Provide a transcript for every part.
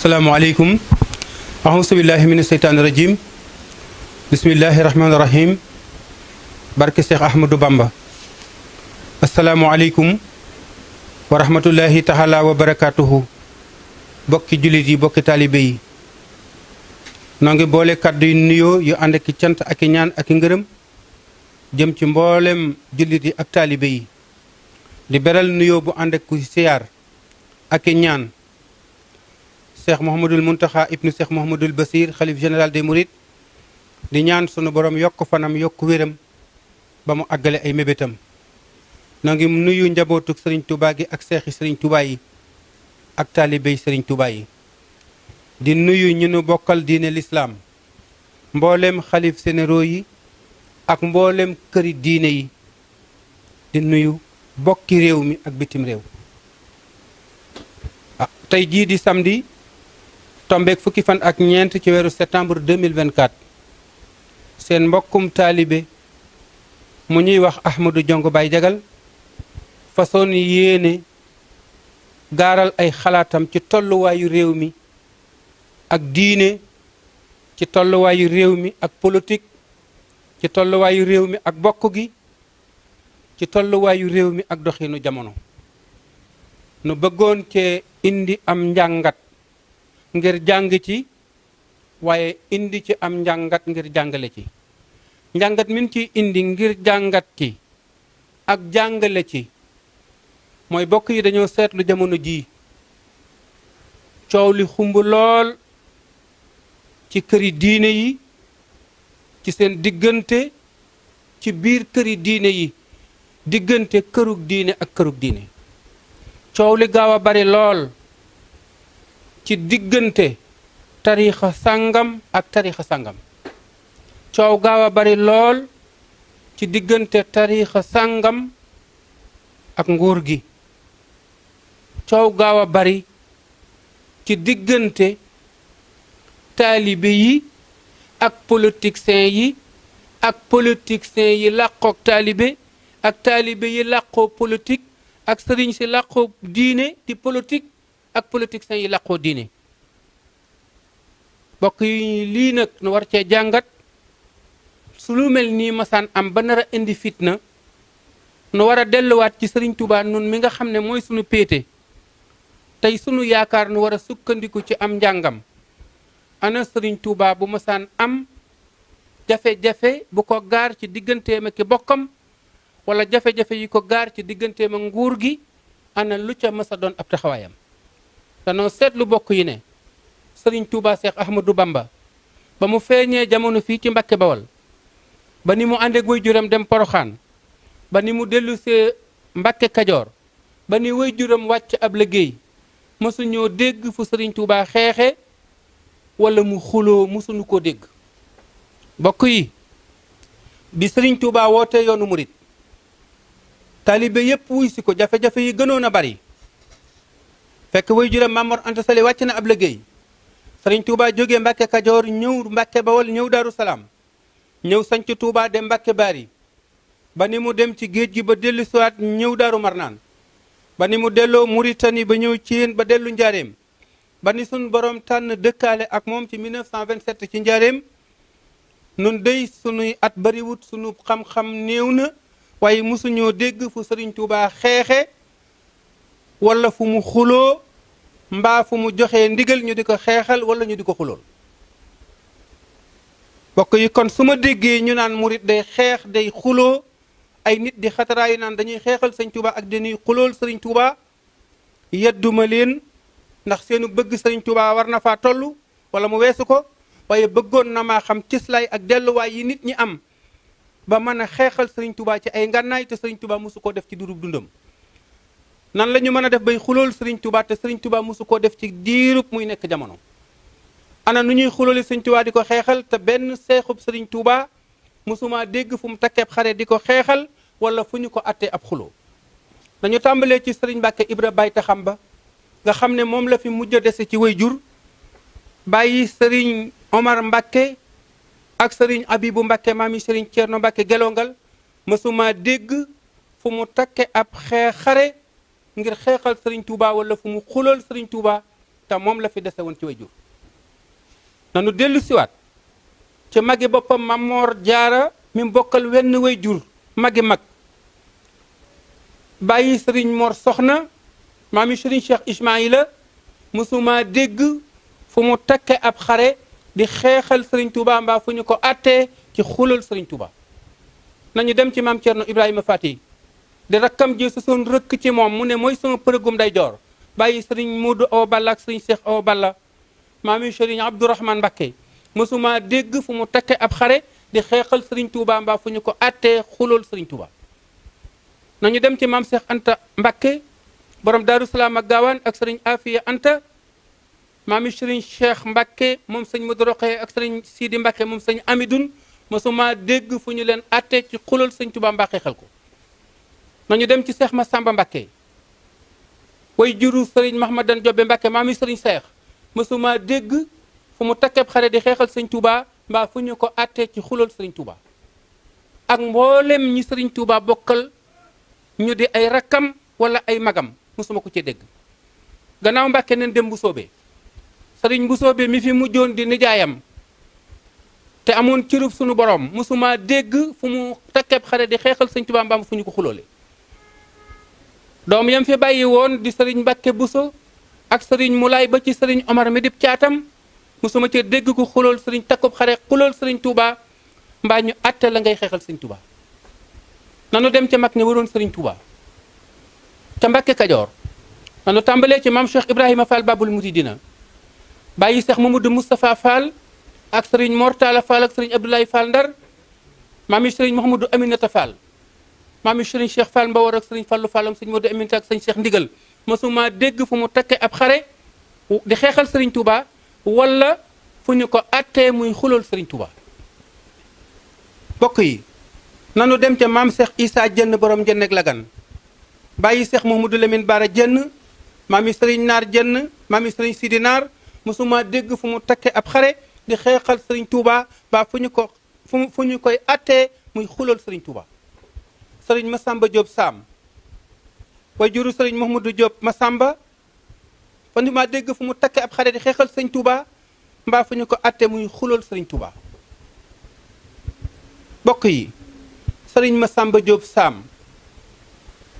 asalaamaaleykum ahousubillahi mina seytaani rajim bismillahi rahmaani rahim barke Cheikh Ahmadou Bamba asalaamualeykum wa rahmatullahi taala wa barakaatuhu bokki jullit yi bokki taalibe yi noo ngi boole kàddu yu nuyoo yu ànd ak cant ak ñaan ak ngërëm jëm ci mboolem jullit yi ak taalibe yi di beral nuyoo bu ànd ak siyaar ak ñaan cheikh mohamadul muntaxa ibnu cheikh mohamadul basir xalif général des mourides di ñaan sunu borom yokk fanam yokk wéram ba mu àggale ay mébétam noo ngi nuyu njabootuk sëriñ tubaa gi ak seexi sëriñ tubaa yi ak taalibey sëriñ tubaa yi di nuyu ñu nu bokkal diine lislaam mboolem xalif généraux yi ak mboolem këri diine yi di nuyu bokki réew mi ak bitim réew ah, tombeeg fukki fan ak ñeent ci weeru septembre 2024 seen mbokkum taalibe mu ñuy wax Ahmadou Diongue baay jagal façon yéene gaaral ay xalaatam ci tolluwaayu réew mi ak diine ci tolluwaayu réew mi ak polotik ci tolluwaayu réew mi ak bokk gi ci tolluwaayu réew mi ak doxinu jamono nu bëggoon cee indi am njàngat ngir jàng ci waaye indi ci am njàngat ngir jàngale ci njàngat min ci indi ngir jàngat ci ak jàngale ci mooy bokk yi dañoo seetlu jamono ji coow li xumb lool ci këri diine yi ci seen diggante ci biir këri diine yi diggante kërug diine ak kërug diine coow li gaaw a bari lool ci diggante tariixa sàngam ak tariixa sàngam coow gaaw a bari lool ci diggante tariixa sàngam ak nguur gi coow gaaw a bari ci diggante taalibe yi ak politiciens yi ak politiciens yi làqoog taalibe ak taalibe yi làqoo politique ak sëriñ si làqoo diine di politique ak politiciens yi laqo diine bokk yi lii nag nu war ci jangat su lu mel am ba indi fitna nu wara delu wat ci serigne touba nun mi nga xam moy suñu sunu tay suñu yaakar nu wara sukkandiku ci am jangam ana serigne touba bu san am jafe-jafe bu ko gar ci digganteem ak bokkam wala jafe-jafe yi ko gar ci digënté nguur gi ana lu ca masa don ap taxawayam non set lu bokk yi ne serigne Touba Cheikh Ahmadou Bamba ba mu feñe jamono fi ci Mbacke Bawal ba ni mu goy juram dem Poroxaan ba ni mu delu ce Mbacke kadior ba ni juram wacc ab musu ñoo degg fu serigne Touba xeexe wala mu xulo musu ñuko degg bokk yi bi serigne Touba wote yonu murit taalibe yépp wuy ci ko jafé jafé yi gënon na bari fekk way jure Mamor Anta Sali wàcc na ab liggéey sëriñ Touba jógee Mbacke Kajoor ñëw Mbacke Bawol ñëw Daaru Salaam ñëw sañc tuubaa dem Mbacke yi ba ni mu dem ci géej gi ba dellu siwaat ñëw Daaru Marnaan ba ni mu delloo Mauritanie ba ñëw Thiène ba dellu Njaareem ba ni sunu borom tànn dëkkaale ak moom ci 1927 ci Njaareem noon dey suñuy at bariwut suñu xam-xam néew na waaye mosuñoo dégg fu sëriñ tuuba xeexe ولا فمو خلو مبا فمو fu mu joxee ديكو خيخال ولا ko ديكو خلول بوك يي كون سوما ديغي ني نان su داي خيخ داي خلو murit نيت دي day xuloo ay nit di xataraayu naan dañuy xeexal sëñ Touba ak dañuy xulool sëriñ Touba yedduma leen ndax seenu bëgg sëriñ Touba war na faa toll na ma xam cislaay ak way yi nit ñi am ba mën xéxal serigne Touba ci ay ngànnaay te serigne Touba mosu def ci durub dundum nan lañu mëna def bay xulol Serigne Touba te Serigne Touba musu ko def ci diirub muy nek jamono ana nu ñuy xulol Serigne Touba diko xexal te ben seexub Serigne Touba musuma dégg fu mu takkeeb xare diko xexal wala fuñu ko atté ab xulo dañu tambalé ci Serigne Mbacke Ibra bay taxam ba nga xamné mom la fi mujjé a ci wayjur bàyyi Serigne Omar Mbacke ak Serigne abibou Mbacke mami Serigne tierno Mbacke gelongal musuma dégg fu mu takke ab xee xare ngir xéxal Serigne Touba wala fumu xulol Serigne Touba ta mom la fi déssawon ci way jur nanu dellu wat ci magi boppam Mamor Jaara mi mbokal wenn wayjur jur magi mag bàyyi Serigne Mor Soxna maami Serigne Cheikh Ismaïla musuma dégg fumu takke ab xare di xéxal Serigne Touba mba fuñu ko atté ci xulol Serigne Touba nañu dem ci mam cierno Ibrahima fatih di rakkam ji su rëkk ci moom mu ne mooy sama përëgum day joor bàyyi sëriñ Modou Awa Balla ak sëriñ Cheikh Awa Balla maami sëriñ Abdourahmane Mbacké mësuma dégg fu mu takke ab xare di xeexal sëriñ Touba mbaa fu ñu ko attee xulool sëriñ Touba nañu dem ci maam Cheikh Anta Mbacké borom Daaru Salaam ak gaawaan ak sëriñ Afia Anta maami sëriñ Cheikh Mbacké moom sëñ Modou Rokhaya ak sëriñ Sidi Mbacké moom sëñ Amidoun mësuma dégg fu ñu leen attee ci xulool sëriñ Touba mbaa ko nañu dem ci Seex Masamba Mbàkke way juru sëriñ Mahmadan Jobe Mbàkke maa mi sëriñ Seex mësuma dégg fu mu takkeb xare di xeexal sëriñ Tuuba mbaa fu ñu ko àttee ci xulal sëriñ Tuuba ak mboolem ñi sëriñ Tuuba bokkal ñu di ay rakkam wala ay magam mësuma ko ci dégg gannaaw Mbàkke neen dem bu soobee sëriñ bu soobee mi fi mujjoon di nijaayam te amoon cirub sunu borom mësuma dégg fu mu takkeb xare di xeexal sëriñ Tuuba mbaa fu ñu ko xuloole doom yam fi bàyyi woon di sëriñ Mbàkke Buso ak sëriñ Mulaay ba ci sëriñ Omar mi dib caatam musuma ci dégg ko xulool sëriñ takkub xare xulool sëriñ Touba mbaa ñu àtte la ngay xeexal sëriñ Touba nanu dem ca mag ñi waroon sëriñ Touba ca Mbàkke Kajoor nanu tàmbalee ci maam Cheikh Ibrahima Fall Babul dina bàyyi Cheikh Mamadou Moustapha Fall ak sëriñ Mortala Fall ak sëriñ Abdoulaye Fall Ndar maam yi sëriñ Mouhamadou Aminata Fall maam serigne Cheikh Fall Mbawar ak serigne Fallu Fallam serigne Modou amin tak serigne Cheikh Ndigal mosuma deg fu mu takke ab xare di xexal serigne Touba wala fu ñu ko attee muy xulul serigne Touba bokk yi nanu dem ci mam Cheikh isa jenn borom jenn ak lagan bàyyi Cheikh Mouhamadou Lamine Bara jenn maami serigne nar jenn maami serigne Sidi Naar mosuma deg fu mu takke ab xare di xexal serigne Touba ba fu ñu ko fu fu ñu koy attee muy xulul serigne Touba Sering Masamba job Sam wajuru sëriñ Muhammad job Masamba Pandu ñu ma fu mu takke ab xarit di xeexal sering Touba mba fu ñu ko atte muy xulool sëriñ Touba bokk yi Masamba job Sam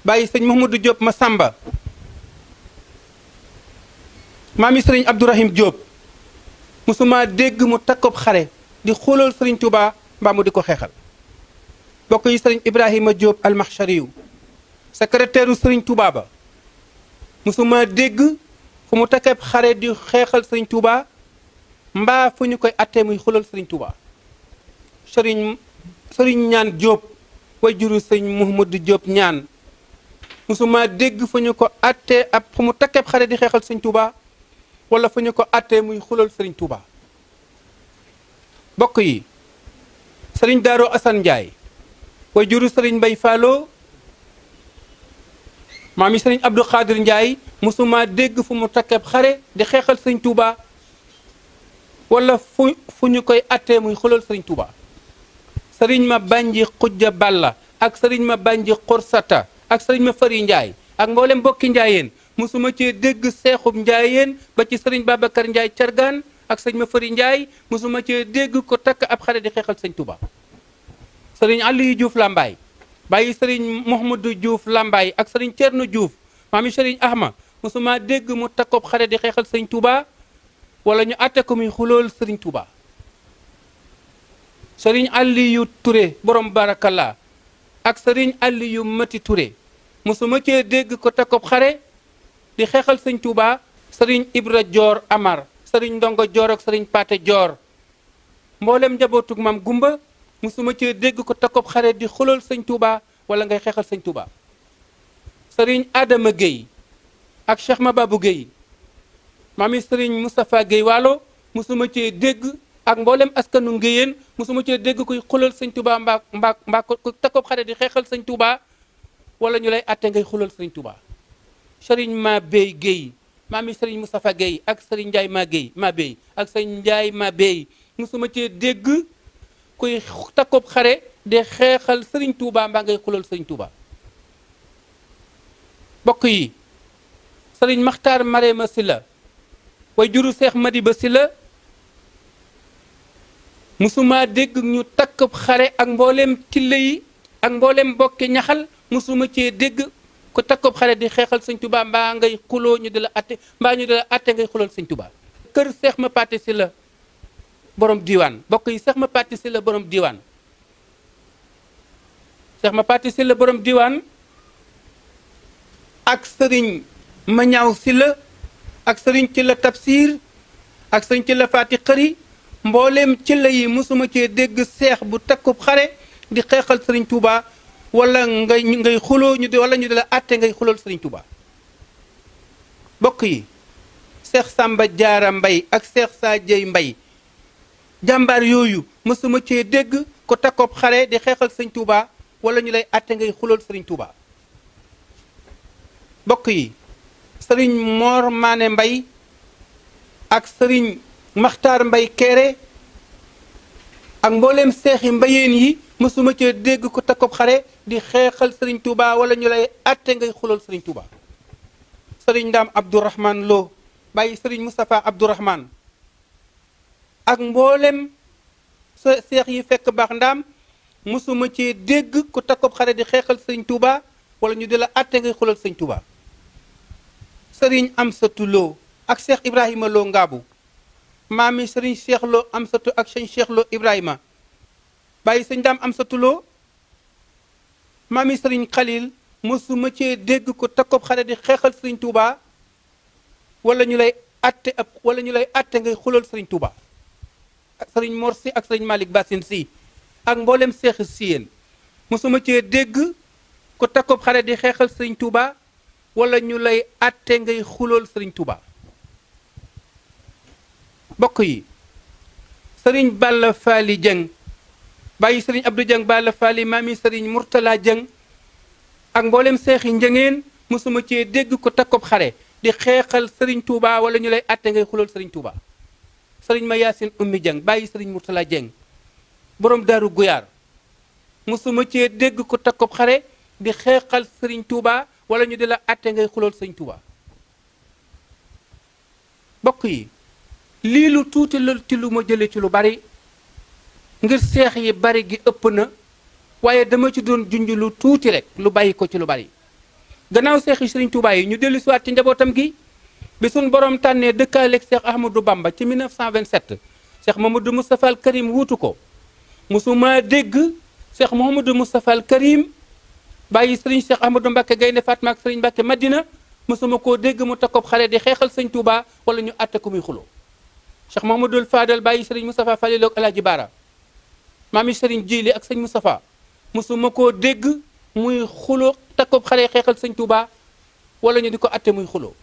bayyi sëñ Muhammad job Masamba Mami sering Abdourahim job. musuma deg mu takkob xare di xulool sering Touba mbaa mu ko bokk yi sëriñ Ibrahima Diop almaxchariyu secrétaire sëriñ Touba ba musuma dégg fu mu takkeb xare di xeexal sëriñ Touba mbaa fu ñu koy attee muy xulal sëriñ Touba sëriñ sëriñ ñaan Diop wajuru sëriñ Mouhamadou Diop ñaan musuma dégg fu ñu ko attee ab fu mu takkeb xare di xeexal sëriñ Touba wala fu ñu ko attee muy xulal sëriñ Touba bokk yi sëriñ Daaroo Asan way juru sëriñ Mbay Fallo maam yi sëriñ Abdou Khadir Ndiaye musuma dégg fu mu takkeb xare di xeexal sëriñ Touba wala fu fu ñu koy attee muy xulal sëriñ Touba sëriñ ma bànji xujja balla ak sëriñ ma bànji xorsata ak sëriñ ma fari Ndiaye ak mboolem mbokki njaayeen mësuma cee dégg seexub njaayeen ba ci sëriñ Babacar Ndiaye cargaan ak sëriñ ma fari Ndiaye musuma cee dégg ko takk ab xare di xeexal sëriñ Touba Sering Ali Diouf lambay bayi sering Mouhamadou Diouf lambay ak serigne tierno Diouf mami serigne Ahma musuma deg mu takop xare di xexal sering Touba wala ñu atté ko mi xulol serigne Touba ali yu Touré borom barakalla ak ali yu Mati Touré musuma cee deg ko takop xare di xexal sering Touba sering Ibra Dior Amar sering Ndongo Dior ak serigne paté Dior mbollem jabotuk mam Gumba musuma ci dégg ko takkob xare di xulal sañ Touba wala ngay xeexal sañ Touba sëriñ Adama Guèye ak Cheikh Mababou Guèye maami sëriñ Moustapha Guèye waalo musuma cee dégg ak mboolem askanu ngéyeen musuma cee dégg koy xulal sëñ tubaa mbaa mbaa ko takkob xare di xeexal sañ Touba wala ñu lay atte ngay xulal sëñ Touba sëriñ Mabéye Guèye maami sëriñ Moustapha Guèye ak sëriñ Ndiaye ma Mabéye ak sëriñ ma Mabéye musuma cee dégg كوي takkoob xare de xeexal سرين توبا mbaa خلال سرين توبا بقي سرين مختار مري Maxtaar ويجورو سيخ مدي juru مسوما ديگ نيو musuma dégg ñu takkoob xare ak mbooleem tille yi ak mbooleem bokke ñaxal musuma xare di xexal seigne Touba mbaa ngay xuloo ñu dila la atte mbaa ñu dila la atte ngay xulal seigne Touba keur cheikh ma paate Sylla borom diiwaan bokk yi Cheikh Mapaty Sylla borom diwaan diiwaan Cheikh Mapaty Sylla borom diwaan ak sëriñ ma Mañaaw Sylla ak sëriñ ci la Tafsir ak sëriñ ci la Faati Xëri mbooleem ci la yi mosuma cee dégg seex bu takkub xare di xeexal sëriñ Touba walla ngay ngay xuloo ñu di ñu di la àtte ngay xulool sëriñ Touba bokk yi Cheikh sàmba Diarra mbay ak seex Sa Dieye Mbaye jàmbaar yooyu mësuma cee dégg ko takkoob xare di xeexal ak sëñ Touba wala ñu lay atte ngay xulool sëriñ Touba bokk yi sëriñ Mor Mané Mbay ak sëriñ maxtar Mbay Kéré ak mbooleem seexi mbayeen yi mësuma cee dégg ko takkoob xare di xeexal sëriñ Touba wala ñu lay atte ngay xulool sëriñ Touba sëriñ Ndaam Abdourahman Lo bàyyi sëriñ Moustapha Abdourahman ak mboolem sa seex yi fekk baax ndaam mësuma ci dégg ku takkob xare di xeexal sëñ Touba wala ñu di la atte ngay xulal sëñ Touba sëriñ am sa Lo ak Cheikh Ibrahima Lo Ngaabu maami sëriñ Cheikh am sa ak sëñ Cheikh Ibrahima bàyyi sëñ daam Amsatu Lo maami sëriñ Khalil mosuma ci dégg ku takkob xare di xeexal sëñ Touba walla ñu lay atte ab wala ñu lay atte ngay xulal sëriñ Touba ak sëriñ Mor ak sëriñ Malick Bassine si ak mboolem seexi si yéen mosuma cee dégg ku takkoob xare di xeexal sëriñ Touba wala ñu lay àtte ngay xulool sëriñ Touba bokk yi sëriñ Balla Faali Dieng bàyyi sëriñ Abdou Dieng Balla Faali maami sëriñ Mourtala Dieng ak mboolem seexi njëngeen mosuma cee dégg ku takkoob xare di xeexal sëriñ Touba wala ñu lay àtte ngay xulool sëriñ Touba. sëriñ ma yaasin ummi jeng bàyyi sëriñ murtala jeng borom daaru guyaar mosuma cee dégg ko takkub xare di xeexal sëriñ tuubaa wala ñu di la atte ngay xulool sëriñ tuuba bokk yi lii lu tuuti la ci lu ma jële ci lu bari ngir seex yi bari gi ëpp na waaye dama ci doon junj lu tuuti rek lu bàyyi ko ci lu bari gannaaw seex yi sëriñ tuuba yi ñu dellu siwaat ci njabootam gi بسون برام تاني دكالك سيخ أحمد بامبا في 1927 سيخ محمد مصطفى الكريم ووتوكو مسوما ديغ سيخ محمد مصطفى الكريم باي سرين سيخ أحمد مباك غين فاتما سرين باك مدينة مسوما كو ديغ متقب خالي دي خيخل سن توبا ولا نيو أتكو ميخلو شيخ محمد الفادل باي سرين مصطفى فالي لوك ألا جبارا مامي سرين جيلي أك سن مصطفى مسوما كو ديغ ميخلو تقب خالي خيخل سن توبا ولا نيو ديكو أتكو ميخلو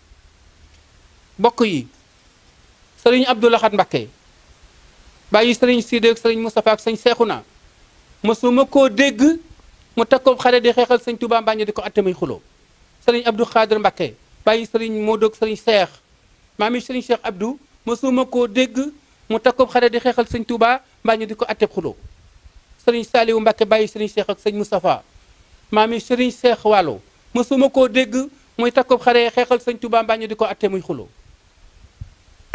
mbokk yi sëriñ Abdou Lahad Mbacké bàyyi sëriñ Sidé ak sëriñ Moustapha ak sëñ Seexuna mosuma koo dégg mu takkoom xare di xeexal sëñ Touba Mbagne di ko attamay xuloo sëriñ Abdou Khadir Mbacké bàyyi sëriñ Modou ak sëriñ Seex maami sëriñ Cheikh Abdou mosuma koo dégg mu takkoom xale di xeexal sëñ Touba Mbagne di ko attab xuloo sëriñ Saliou Mbacké bàyyi sëriñ Cheikh ak sëñ Moustapha maami sëriñ Cheikh Wallo mosuma koo dégg muy takkoom xale xeexal sëñ Touba Mbagne di ko atte muy xuloo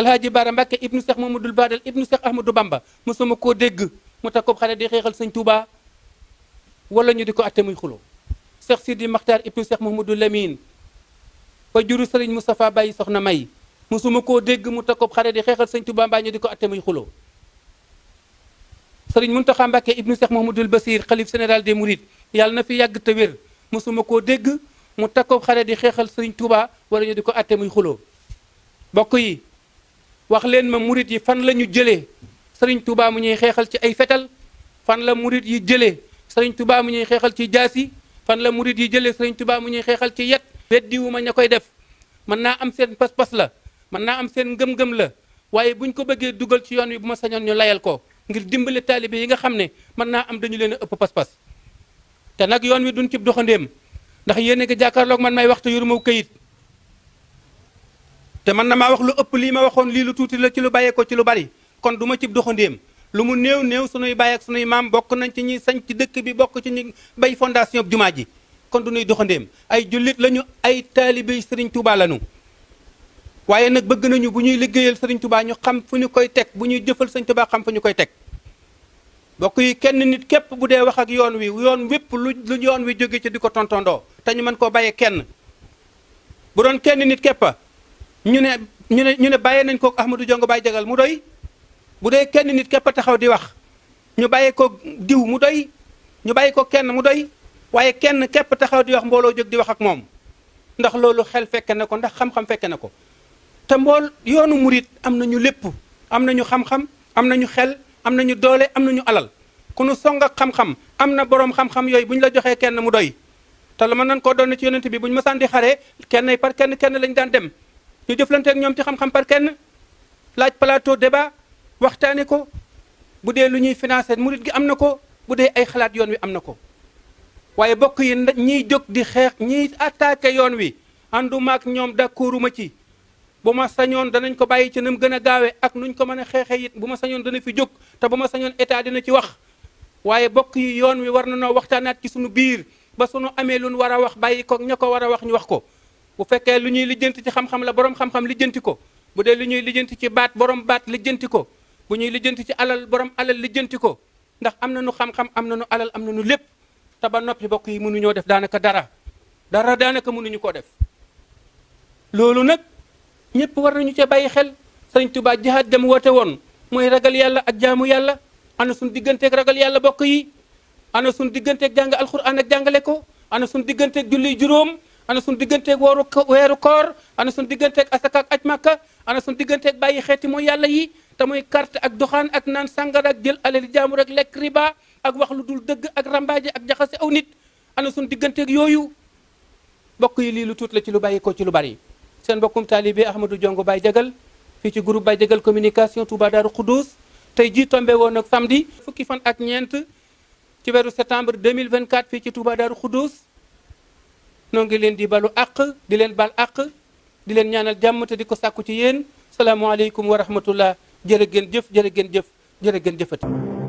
alhaaji Baara Mbàkke ibnu Seex Mamadul Baadal ibnu Seex Ahmadou Bamba mosuma koo dégg mu tax ko xale di xeexal sëñ Tuubaa wala ñu di ko atte muy xuloo Seex Sidi Maxtaar ibnu Seex Mamadou Lamine ba juru Sëriñ Moustapha bàyyi soxna May mosuma koo dégg mu tax ko xale di xeexal sëñ Tuubaa mbaa ñu di ko atte muy xuloo Sëriñ Muntaxa Mbàkke ibnu Seex Mamadul Basiir xalif général des Mourides yàlla na fi yàgg te wér mosuma koo dégg mu takkoob xare di xeexal sëriñ Touba wala ñu di ko atte muy xuloo mbokk yi wax leen ma murit yi fan la ñu jëlee sëriñ Touba mu ñuy xeexal ci ay fetal fan la murit yi jëlee sëriñ Touba mu ñuy xeexal ci jaasi fan la murit yi jëlee sëriñ Touba mu ñuy xeexal ci yet weddiwu ma ña koy def mën naa am seen pas-pas la mën naa am seen ngëm-ngëm la waaye buñ ko bëggee dugal ci yoon wi bu ma sañoon ñu layal ko ngir dimbale taalibe yi nga xam ne mën naa am dañu leen a ëpp pas-pas te nag yoon wi duñ ci doxandéem ndax yéen a ngi jàkkaarloog man may waxtu yuru maw këyit te mën na maa wax lu ëpp lii ma waxoon lii lu tuuti la ci lu bàyyee ci lu bari kon duma ma cib doxandéem lu mu néew néew sunuy bàyyi ak sunuy maam bokk nañ ci ñi sañ ci dëkk bi bokk ci ñi bay fondation jumaa ji kon du nuy doxandéem ay jullit lañu ay taalibe Serigne Touba lañu waaye nag bëgg nañu bu ñuy liggéeyal Serigne Touba ñu xam fu ñu koy teg bu ñuy jëfal Serigne Touba xam fu ñu koy teg bokk yi kenn nit képp bu dee wax ak yoon wi yoon wépp lu lu yoon wi jóge ci di ko tontondoo te ñu mën koo bàyyee kenn bu doon kenn nit képp ñu ne ñu ne ñu ne bàyyee nañ koog Ahmadou jong Baye Jagal mu doy bu dee kenn nit képp taxaw di wax ñu bàyyee kook diw mu doy ñu bàyyi ko kenn mu doy waaye kenn képp taxaw di wax mbooloo jóg di wax ak moom ndax loolu xel fekke na ko ndax xam-xam fekke ko te mbool yoonu murit am nañu lépp am nañu xam-xam am nañu xel am nañu doole am nañu alal ku nu song ak xam-xam am na boroom xam yooyu bu ñu la joxee kenn mu doy te la mën nañ koo doon ci yonent bi bu ñu mësaan di xaree kenn par kenn kenn lañ daan dem ñu jëflanteeg ñoom ci xam-xam par kenn laaj plateau deba waxtaane ko bu dee lu ñuy financé murit gi am na ko bu dee ay xalaat yoon wi am na ko waaye bokk yi ñiy jóg di xeex ñiy attaqué yoon wi ànduma ak ñoom d'accorduma ci bu ma sañoon danañ ko bàyyi ci nam gën a gaawee ak nuñ ko mën a xeexee it bu ma sañoon dana fi jóg te bu ma sañoon état dina ci wax waaye bokk yi yoon wi war na noo waxtaanaat ci sunu biir ba suñu amee lu ñu war a wax bàyyi ko ña ko war a wax ñu wax ko bu fekkee lu ñuy lijjanti ci xam-xam la borom xam-xam lijjanti ko bu dee lu ñuy lijjanti ci baat borom baat lijjanti ko bu ñuy lijjanti ci alal borom alal lijjanti ko ndax am na nu xam-xam am na nu alal am na nu lépp te ba noppi bokk yi mënuñoo def daanaka dara dara daanaka mënuñu koo def loolu nag ñëpp war nañu cee bàyyi xel sëriñ Tuubaa jihaad dem woote woon mooy ragal yàlla ak jaamu yàlla ana suñ digganteek ragal yàlla bokk yi ana suñ digganteeg jàng alxuraan ak jàngale ko ana suñ digganteeg julli juróom ana suñu digganteeg wooru weeru koor ana suñu digganteeg asaka ak aj màkka ana suñu digganteeg bàyyi xeeti mooy yàlla yi te muy carte ak doxaan ak naan sàngara ak jël alali jaamur ak lekk riba ak wax lu dul dëgg ak rambaaje ak jaxase aw nit ana suñu digganteeg yooyu bokk yi lii lu tuut la ci lu bàyyi ko ci lu bari seen bokkum taalibe Ahmadou Diongo Baye Diagal fii ci groupe Baye Diagal communication Touba Darou Khoudous tey jii tombé woon ak samedi fukki fan ak ñeent ci weeru septembre 2024 fii ci Touba Darou noo ngi leen di balu àq di leen bal àq di leen ñaanal jàmm te di ko sàkku ci yéen salaamaaleykum wa rahmatullah jërë ngeen jëf jërë ngeen jëf jërë ngeen jëfati